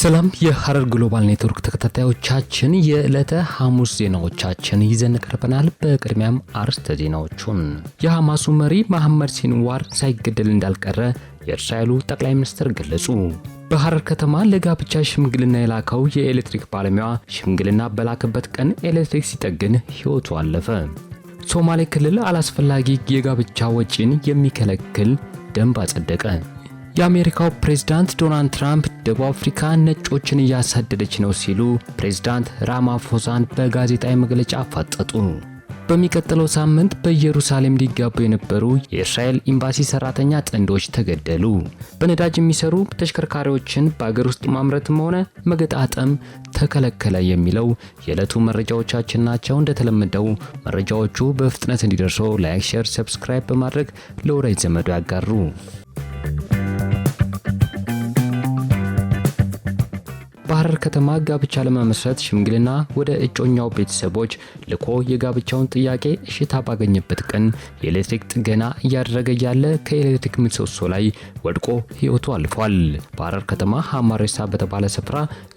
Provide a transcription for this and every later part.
ሰላም የሐረር ግሎባል ኔትወርክ ተከታታዮቻችን የዕለተ ሐሙስ ዜናዎቻችን ይዘን ቀርበናል። በቅድሚያም አርስተ ዜናዎቹን የሐማሱ መሪ መሐመድ ሲንዋር ሳይገደል እንዳልቀረ የእስራኤሉ ጠቅላይ ሚኒስትር ገለጹ። በሐረር ከተማ ለጋብቻ ሽምግልና የላከው የኤሌክትሪክ ባለሙያ ሽምግልና በላከበት ቀን ኤሌክትሪክ ሲጠግን ሕይወቱ አለፈ። ሶማሌ ክልል አላስፈላጊ የጋብቻ ወጪን የሚከለክል ደንብ አጸደቀ። የአሜሪካው ፕሬዝዳንት ዶናልድ ትራምፕ ደቡብ አፍሪካ ነጮችን እያሳደደች ነው ሲሉ ፕሬዝዳንት ራማፎዛን በጋዜጣዊ መግለጫ አፋጠጡ። በሚቀጥለው ሳምንት በኢየሩሳሌም ሊጋቡ የነበሩ የእስራኤል ኤምባሲ ሰራተኛ ጥንዶች ተገደሉ። በነዳጅ የሚሰሩ ተሽከርካሪዎችን በአገር ውስጥ ማምረትም ሆነ መገጣጠም ተከለከለ የሚለው የዕለቱ መረጃዎቻችን ናቸው። እንደተለመደው መረጃዎቹ በፍጥነት እንዲደርሱ ላይክ፣ ሼር፣ ሰብስክራይብ በማድረግ ለወዳጅ ዘመዶ ያጋሩ። በሐረር ከተማ ጋብቻ ለመመስረት ሽምግልና ወደ እጮኛው ቤተሰቦች ልኮ የጋብቻውን ጥያቄ እሽታ ባገኘበት ቀን የኤሌክትሪክ ጥገና እያደረገ ያለ ከኤሌክትሪክ ምሰሶ ላይ ወድቆ ሕይወቱ አልፏል። በሐረር ከተማ ሀማሬሳ በተባለ ስፍራ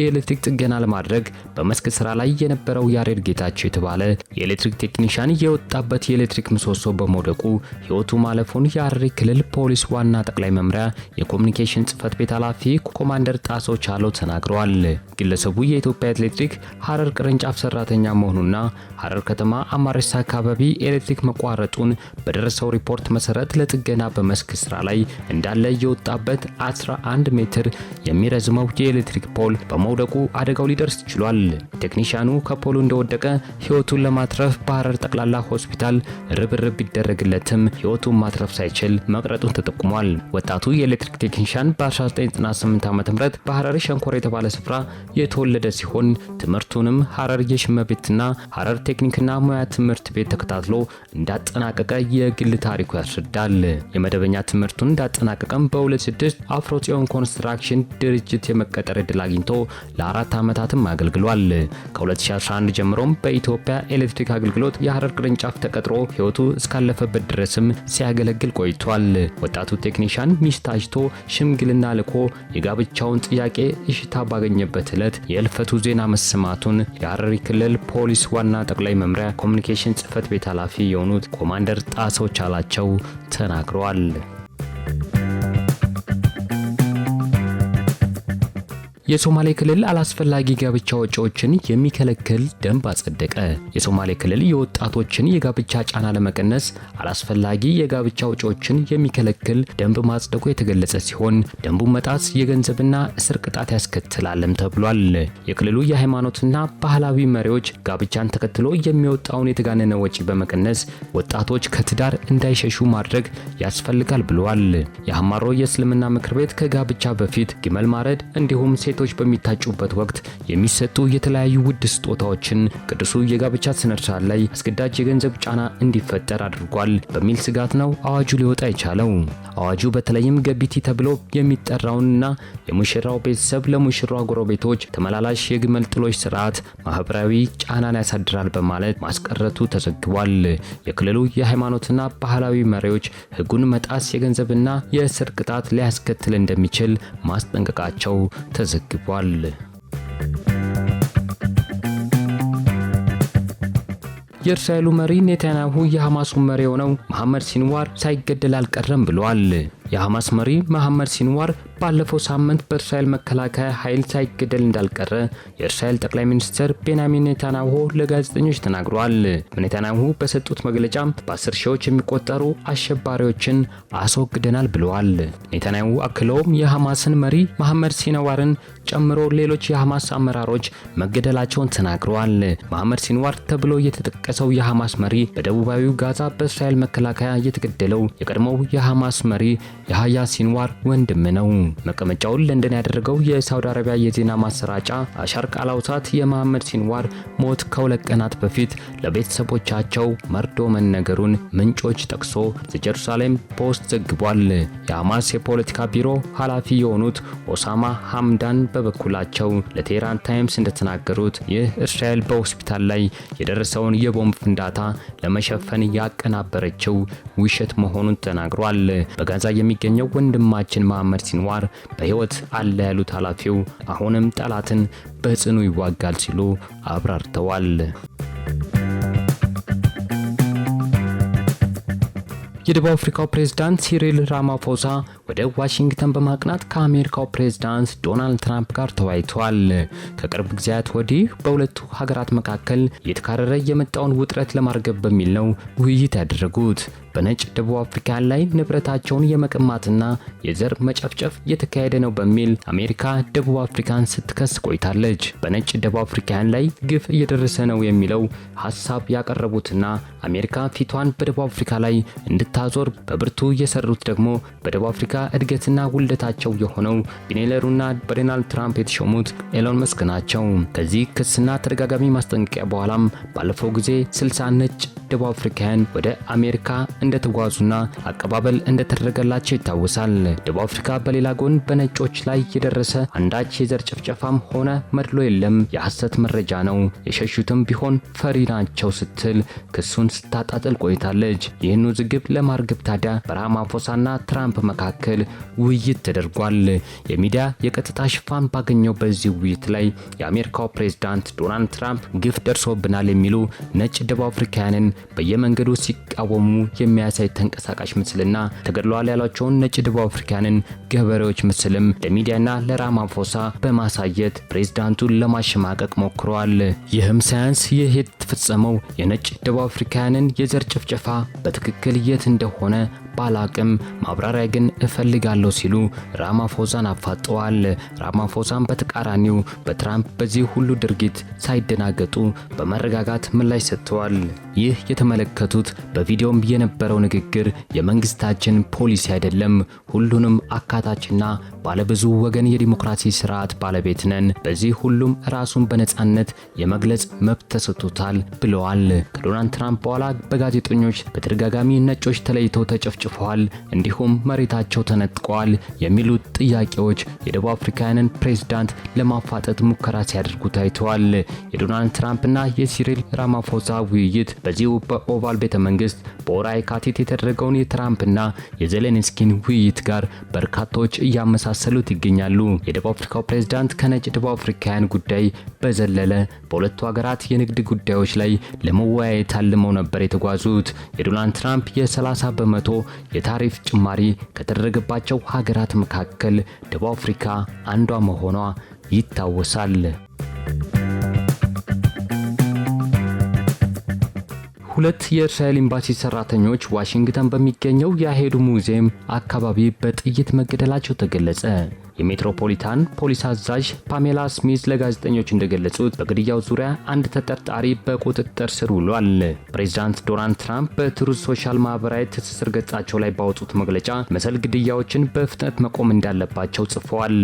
የኤሌክትሪክ ጥገና ለማድረግ በመስክ ስራ ላይ የነበረው ያሬድ ጌታቸው የተባለ የኤሌክትሪክ ቴክኒሻን የወጣበት የኤሌክትሪክ ምሰሶ በመውደቁ ሕይወቱ ማለፉን የሐረሪ ክልል ፖሊስ ዋና ጠቅላይ መምሪያ የኮሚኒኬሽን ጽህፈት ቤት ኃላፊ ኮማንደር ጣሶ ቻለው ተናግረዋል። አለ። ግለሰቡ የኢትዮጵያ ኤሌክትሪክ ሀረር ቅርንጫፍ ሰራተኛ መሆኑና ሐረር ከተማ አማረሳ አካባቢ ኤሌክትሪክ መቋረጡን በደረሰው ሪፖርት መሰረት ለጥገና በመስክ ስራ ላይ እንዳለ የወጣበት 11 ሜትር የሚረዝመው የኤሌክትሪክ ፖል በመውደቁ አደጋው ሊደርስ ችሏል። ቴክኒሽያኑ ከፖሉ እንደወደቀ ህይወቱን ለማትረፍ በሐረር ጠቅላላ ሆስፒታል ርብርብ ቢደረግለትም ህይወቱን ማትረፍ ሳይችል መቅረጡን ተጠቁሟል። ወጣቱ የኤሌክትሪክ ቴክኒሽያን በ1998 ዓ.ም በሐረር ሸንኮር የተባለ ስፍራ ስፍራ የተወለደ ሲሆን ትምህርቱንም ሐረር የሽመቤትና ሐረር ቴክኒክና ሙያ ትምህርት ቤት ተከታትሎ እንዳጠናቀቀ የግል ታሪኩ ያስረዳል። የመደበኛ ትምህርቱን እንዳጠናቀቀም በ26 አፍሮጽዮን ኮንስትራክሽን ድርጅት የመቀጠር እድል አግኝቶ ለአራት ዓመታትም አገልግሏል። ከ2011 ጀምሮም በኢትዮጵያ ኤሌክትሪክ አገልግሎት የሐረር ቅርንጫፍ ተቀጥሮ ሕይወቱ እስካለፈበት ድረስም ሲያገለግል ቆይቷል። ወጣቱ ቴክኒሻን ሚስት አጭቶ ሽምግልና ልኮ የጋብቻውን ጥያቄ እሽታ ባገኘ በተገኘበት ዕለት የእልፈቱ ዜና መሰማቱን የሐረሪ ክልል ፖሊስ ዋና ጠቅላይ መምሪያ ኮሚኒኬሽን ጽህፈት ቤት ኃላፊ የሆኑት ኮማንደር ጣሰው ቻላቸው ተናግረዋል። የሶማሌ ክልል አላስፈላጊ ጋብቻ ወጪዎችን የሚከለክል ደንብ አጸደቀ። የሶማሌ ክልል የወጣቶችን የጋብቻ ጫና ለመቀነስ አላስፈላጊ የጋብቻ ወጪዎችን የሚከለክል ደንብ ማጽደቁ የተገለጸ ሲሆን ደንቡን መጣስ የገንዘብና እስር ቅጣት ያስከትላልም ተብሏል። የክልሉ የሃይማኖትና ባህላዊ መሪዎች ጋብቻን ተከትሎ የሚወጣውን የተጋነነ ወጪ በመቀነስ ወጣቶች ከትዳር እንዳይሸሹ ማድረግ ያስፈልጋል ብለዋል። የአማሮ የእስልምና ምክር ቤት ከጋብቻ በፊት ግመል ማረድ እንዲሁም ቤቶች በሚታጩበት ወቅት የሚሰጡ የተለያዩ ውድ ስጦታዎችን ቅዱሱ የጋብቻ ስነ ስርዓት ላይ አስገዳጅ የገንዘብ ጫና እንዲፈጠር አድርጓል በሚል ስጋት ነው አዋጁ ሊወጣ የቻለው። አዋጁ በተለይም ገቢቲ ተብሎ የሚጠራውንና የሙሽራው ቤተሰብ ለሙሽራው ጎረቤቶች ተመላላሽ የግመል ጥሎች ስርዓት ማህበራዊ ጫናን ያሳድራል በማለት ማስቀረቱ ተዘግቧል። የክልሉ የሃይማኖትና ባህላዊ መሪዎች ህጉን መጣስ የገንዘብና የእስር ቅጣት ሊያስከትል እንደሚችል ማስጠንቀቃቸው ተዘግ ተዘግቧል። የእስራኤሉ መሪ ኔታንያሁ የሐማሱ መሪ የሆነው መሐመድ ሲንዋር ሳይገደል አልቀረም ብለዋል። የሐማስ መሪ መሐመድ ሲንዋር ባለፈው ሳምንት በእስራኤል መከላከያ ኃይል ሳይገደል እንዳልቀረ የእስራኤል ጠቅላይ ሚኒስትር ቤንያሚን ኔታንያሁ ለጋዜጠኞች ተናግሯል። ኔታንያሁ በሰጡት መግለጫ በአስር ሺዎች የሚቆጠሩ አሸባሪዎችን አስወግደናል ብለዋል። ኔታንያሁ አክለውም የሐማስን መሪ መሐመድ ሲንዋርን ጨምሮ ሌሎች የሐማስ አመራሮች መገደላቸውን ተናግረዋል። መሐመድ ሲንዋር ተብሎ የተጠቀሰው የሐማስ መሪ በደቡባዊው ጋዛ በእስራኤል መከላከያ የተገደለው የቀድሞው የሐማስ መሪ የሀያ ሲንዋር ወንድም ነው። መቀመጫውን ለንደን ያደረገው የሳውዲ አረቢያ የዜና ማሰራጫ አሻር ቃል የመሐመድ ሲንዋር ሞት ከሁለት ቀናት በፊት ለቤተሰቦቻቸው መርዶ መነገሩን ምንጮች ጠቅሶ ዘጀሩሳሌም ፖስት ዘግቧል። የሐማስ የፖለቲካ ቢሮ ኃላፊ የሆኑት ኦሳማ ሐምዳን በበኩላቸው ለቴህራን ታይምስ እንደተናገሩት ይህ እስራኤል በሆስፒታል ላይ የደረሰውን የቦምብ ፍንዳታ ለመሸፈን ያቀናበረችው ውሸት መሆኑን ተናግሯል። በጋዛ የሚ የሚገኘው ወንድማችን መሐመድ ሲንዋር በህይወት አለ ያሉት ኃላፊው አሁንም ጠላትን በጽኑ ይዋጋል ሲሉ አብራርተዋል። የደቡብ አፍሪካው ፕሬዝዳንት ሲሪል ራማፎሳ ወደ ዋሽንግተን በማቅናት ከአሜሪካው ፕሬዝዳንት ዶናልድ ትራምፕ ጋር ተወያይተዋል። ከቅርብ ጊዜያት ወዲህ በሁለቱ ሀገራት መካከል እየተካረረ የመጣውን ውጥረት ለማርገብ በሚል ነው ውይይት ያደረጉት። በነጭ ደቡብ አፍሪካ ላይ ንብረታቸውን የመቀማትና የዘር መጨፍጨፍ እየተካሄደ ነው በሚል አሜሪካ ደቡብ አፍሪካን ስትከስ ቆይታለች። በነጭ ደቡብ አፍሪካን ላይ ግፍ እየደረሰ ነው የሚለው ሀሳብ ያቀረቡትና አሜሪካ ፊቷን በደቡብ አፍሪካ ላይ እንድት ስታዞር በብርቱ የሰሩት ደግሞ በደቡብ አፍሪካ እድገትና ውልደታቸው የሆነው ቢሊየነሩና በዶናልድ ትራምፕ የተሾሙት ኤሎን መስክ ናቸው። ከዚህ ክስና ተደጋጋሚ ማስጠንቀቂያ በኋላም ባለፈው ጊዜ 60 ነጭ ደቡብ አፍሪካውያን ወደ አሜሪካ እንደተጓዙና አቀባበል እንደተደረገላቸው ይታወሳል። ደቡብ አፍሪካ በሌላ ጎን በነጮች ላይ የደረሰ አንዳች የዘር ጭፍጨፋም ሆነ መድሎ የለም፣ የሐሰት መረጃ ነው፣ የሸሹትም ቢሆን ፈሪ ናቸው ስትል ክሱን ስታጣጥል ቆይታለች። ይህን ውዝግብ ለማርገብ ታዲያ በራማፎሳና ትራምፕ መካከል ውይይት ተደርጓል። የሚዲያ የቀጥታ ሽፋን ባገኘው በዚህ ውይይት ላይ የአሜሪካው ፕሬዝዳንት ዶናልድ ትራምፕ ግፍ ደርሶብናል የሚሉ ነጭ ደቡብ አፍሪካውያንን በየመንገዱ ሲቃወሙ የሚያሳይ ተንቀሳቃሽ ምስልና ተገድለዋል ያሏቸውን ነጭ ደቡብ አፍሪካንን ገበሬዎች ምስልም ለሚዲያና ለራማፎሳ በማሳየት ፕሬዝዳንቱን ለማሸማቀቅ ሞክረዋል። ይህም ሳያንስ ይህ የተፈጸመው የነጭ ደቡብ አፍሪካንን የዘር ጭፍጨፋ በትክክል የት እንደሆነ ባላቅም ማብራሪያ ግን እፈልጋለሁ ሲሉ ራማፎዛን አፋጠዋል። ራማፎዛን በተቃራኒው በትራምፕ በዚህ ሁሉ ድርጊት ሳይደናገጡ በመረጋጋት ምላሽ ሰጥተዋል። ይህ የተመለከቱት በቪዲዮም የነበረው ንግግር የመንግስታችን ፖሊሲ አይደለም፣ ሁሉንም አካታችና ባለብዙ ወገን የዲሞክራሲ ስርዓት ባለቤት ነን። በዚህ ሁሉም ራሱን በነጻነት የመግለጽ መብት ተሰጥቶታል ብለዋል። ከዶናልድ ትራምፕ በኋላ በጋዜጠኞች በተደጋጋሚ ነጮች ተለይተው ተጨፍጭ ተጨፍጭፏል፣ እንዲሁም መሬታቸው ተነጥቀዋል የሚሉት ጥያቄዎች የደቡብ አፍሪካውያንን ፕሬዝዳንት ለማፋጠጥ ሙከራ ሲያደርጉ ታይተዋል። የዶናልድ ትራምፕና የሲሪል ራማፎሳ ውይይት በዚሁ በኦቫል ቤተ መንግስት በወራ የካቲት የተደረገውን የትራምፕና የዜሌንስኪን ውይይት ጋር በርካታዎች እያመሳሰሉት ይገኛሉ። የደቡብ አፍሪካው ፕሬዝዳንት ከነጭ ደቡብ አፍሪካውያን ጉዳይ በዘለለ በሁለቱ ሀገራት የንግድ ጉዳዮች ላይ ለመወያየት አልመው ነበር የተጓዙት። የዶናልድ ትራምፕ የ30 በመቶ የታሪፍ ጭማሪ ከተደረገባቸው ሀገራት መካከል ደቡብ አፍሪካ አንዷ መሆኗ ይታወሳል። ሁለት የእስራኤል ኤምባሲ ሰራተኞች ዋሽንግተን በሚገኘው የአሄዱ ሙዚየም አካባቢ በጥይት መገደላቸው ተገለጸ። የሜትሮፖሊታን ፖሊስ አዛዥ ፓሜላ ስሚዝ ለጋዜጠኞች እንደገለጹት በግድያው ዙሪያ አንድ ተጠርጣሪ በቁጥጥር ስር ውሏል። ፕሬዚዳንት ዶናልድ ትራምፕ በትሩዝ ሶሻል ማህበራዊ ትስስር ገጻቸው ላይ ባወጡት መግለጫ መሰል ግድያዎችን በፍጥነት መቆም እንዳለባቸው ጽፈዋል።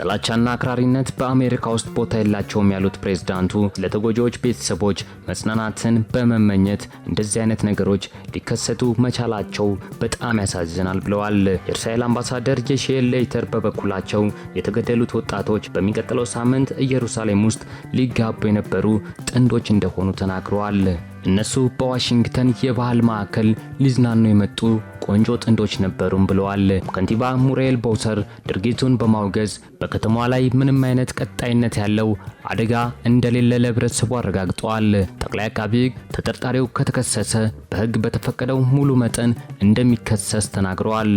ጥላቻና አክራሪነት በአሜሪካ ውስጥ ቦታ የላቸውም ያሉት ፕሬዝዳንቱ ለተጎጂዎች ቤተሰቦች መጽናናትን በመመኘት እንደዚህ አይነት ነገሮች ሊከሰቱ መቻላቸው በጣም ያሳዝናል ብለዋል። የእስራኤል አምባሳደር የሼል ሌይተር በበኩላ በመሰጠታቸው የተገደሉት ወጣቶች በሚቀጥለው ሳምንት ኢየሩሳሌም ውስጥ ሊጋቡ የነበሩ ጥንዶች እንደሆኑ ተናግረዋል። እነሱ በዋሽንግተን የባህል ማዕከል ሊዝናኑ የመጡ ቆንጆ ጥንዶች ነበሩም ብለዋል። ከንቲባ ሙሪኤል ቦውሰር ድርጊቱን በማውገዝ በከተማዋ ላይ ምንም አይነት ቀጣይነት ያለው አደጋ እንደሌለ ለህብረተሰቡ አረጋግጠዋል። ጠቅላይ አቃቢ ህግ ተጠርጣሪው ከተከሰሰ በህግ በተፈቀደው ሙሉ መጠን እንደሚከሰስ ተናግረዋል።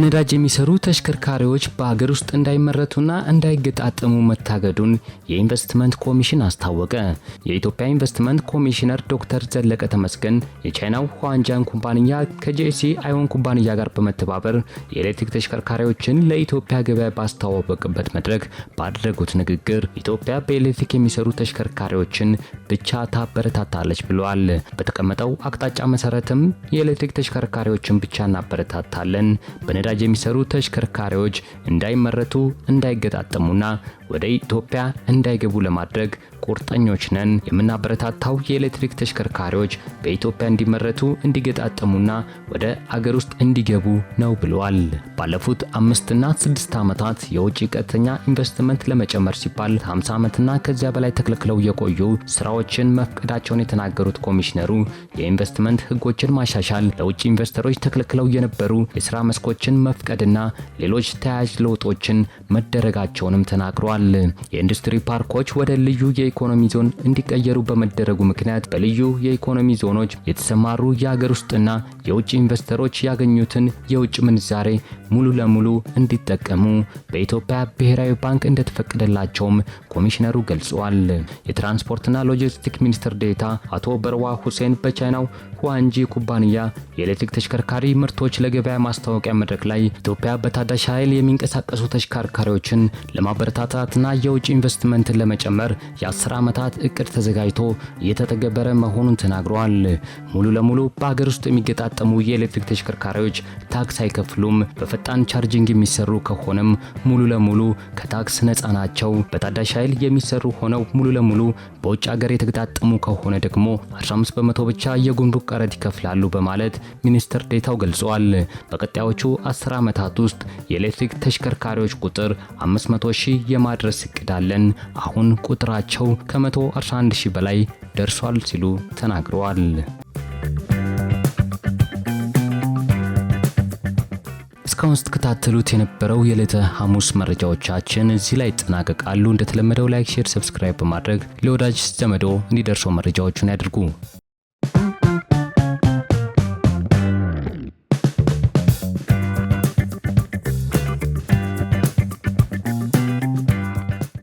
በነዳጅ የሚሰሩ ተሽከርካሪዎች በሀገር ውስጥ እንዳይመረቱና እንዳይገጣጠሙ መታገዱን የኢንቨስትመንት ኮሚሽን አስታወቀ። የኢትዮጵያ ኢንቨስትመንት ኮሚሽነር ዶክተር ዘለቀ ተመስገን የቻይናው ሁዋንጃን ኩባንያ ከጄሲ አይወን ኩባንያ ጋር በመተባበር የኤሌክትሪክ ተሽከርካሪዎችን ለኢትዮጵያ ገበያ ባስተዋወቅበት መድረክ ባደረጉት ንግግር ኢትዮጵያ በኤሌክትሪክ የሚሰሩ ተሽከርካሪዎችን ብቻ ታበረታታለች ብለዋል። በተቀመጠው አቅጣጫ መሰረትም የኤሌክትሪክ ተሽከርካሪዎችን ብቻ እናበረታታለን በነዳጅ የሚሰሩ ተሽከርካሪዎች እንዳይመረቱ እንዳይገጣጠሙና ወደ ኢትዮጵያ እንዳይገቡ ለማድረግ ቁርጠኞች ነን። የምናበረታታው የኤሌክትሪክ ተሽከርካሪዎች በኢትዮጵያ እንዲመረቱ እንዲገጣጠሙና ወደ አገር ውስጥ እንዲገቡ ነው ብለዋል። ባለፉት አምስትና ስድስት ዓመታት የውጭ ቀጥተኛ ኢንቨስትመንት ለመጨመር ሲባል 50 ዓመትና ከዚያ በላይ ተከልክለው የቆዩ ስራዎችን መፍቀዳቸውን የተናገሩት ኮሚሽነሩ የኢንቨስትመንት ህጎችን ማሻሻል፣ ለውጭ ኢንቨስተሮች ተከልክለው የነበሩ የስራ መስኮችን መፍቀድና ሌሎች ተያያዥ ለውጦችን መደረጋቸውንም ተናግሯል። የኢንዱስትሪ ፓርኮች ወደ ልዩ የኢኮኖሚ ዞን እንዲቀየሩ በመደረጉ ምክንያት በልዩ የኢኮኖሚ ዞኖች የተሰማሩ የሀገር ውስጥና የውጭ ኢንቨስተሮች ያገኙትን የውጭ ምንዛሬ ሙሉ ለሙሉ እንዲጠቀሙ በኢትዮጵያ ብሔራዊ ባንክ እንደተፈቀደላቸውም ኮሚሽነሩ ገልጸዋል። የትራንስፖርትና ሎጂስቲክ ሚኒስትር ዴታ አቶ በርዋ ሁሴን በቻይናው ሁዋንጂ ኩባንያ የኤሌክትሪክ ተሽከርካሪ ምርቶች ለገበያ ማስታወቂያ መድረክ ላይ ኢትዮጵያ በታዳሽ ኃይል የሚንቀሳቀሱ ተሽከርካሪዎችን ለማበረታታትና የውጭ ኢንቨስትመንትን ለመጨመር አስር ዓመታት እቅድ ተዘጋጅቶ እየተተገበረ መሆኑን ተናግረዋል። ሙሉ ለሙሉ በሀገር ውስጥ የሚገጣጠሙ የኤሌክትሪክ ተሽከርካሪዎች ታክስ አይከፍሉም። በፈጣን ቻርጂንግ የሚሰሩ ከሆነም ሙሉ ለሙሉ ከታክስ ነፃ ናቸው። በታዳሽ ኃይል የሚሰሩ ሆነው ሙሉ ለሙሉ በውጭ ሀገር የተገጣጠሙ ከሆነ ደግሞ 15 በመቶ ብቻ የጉምሩክ ቀረጥ ይከፍላሉ በማለት ሚኒስትር ዴታው ገልጿል። በቀጣዮቹ 10 ዓመታት ውስጥ የኤሌክትሪክ ተሽከርካሪዎች ቁጥር 500 ሺህ የማድረስ አለን። አሁን ቁጥራቸው ከ111 በላይ ደርሷል ሲሉ ተናግረዋል። እስካሁን ስትከታተሉት የነበረው የዕለተ ሐሙስ መረጃዎቻችን እዚህ ላይ ይጠናቀቃሉ። እንደተለመደው ላይክ፣ ሼር፣ ሰብስክራይብ በማድረግ ለወዳጅ ዘመዶ እንዲደርሰው መረጃዎቹን ያድርጉ።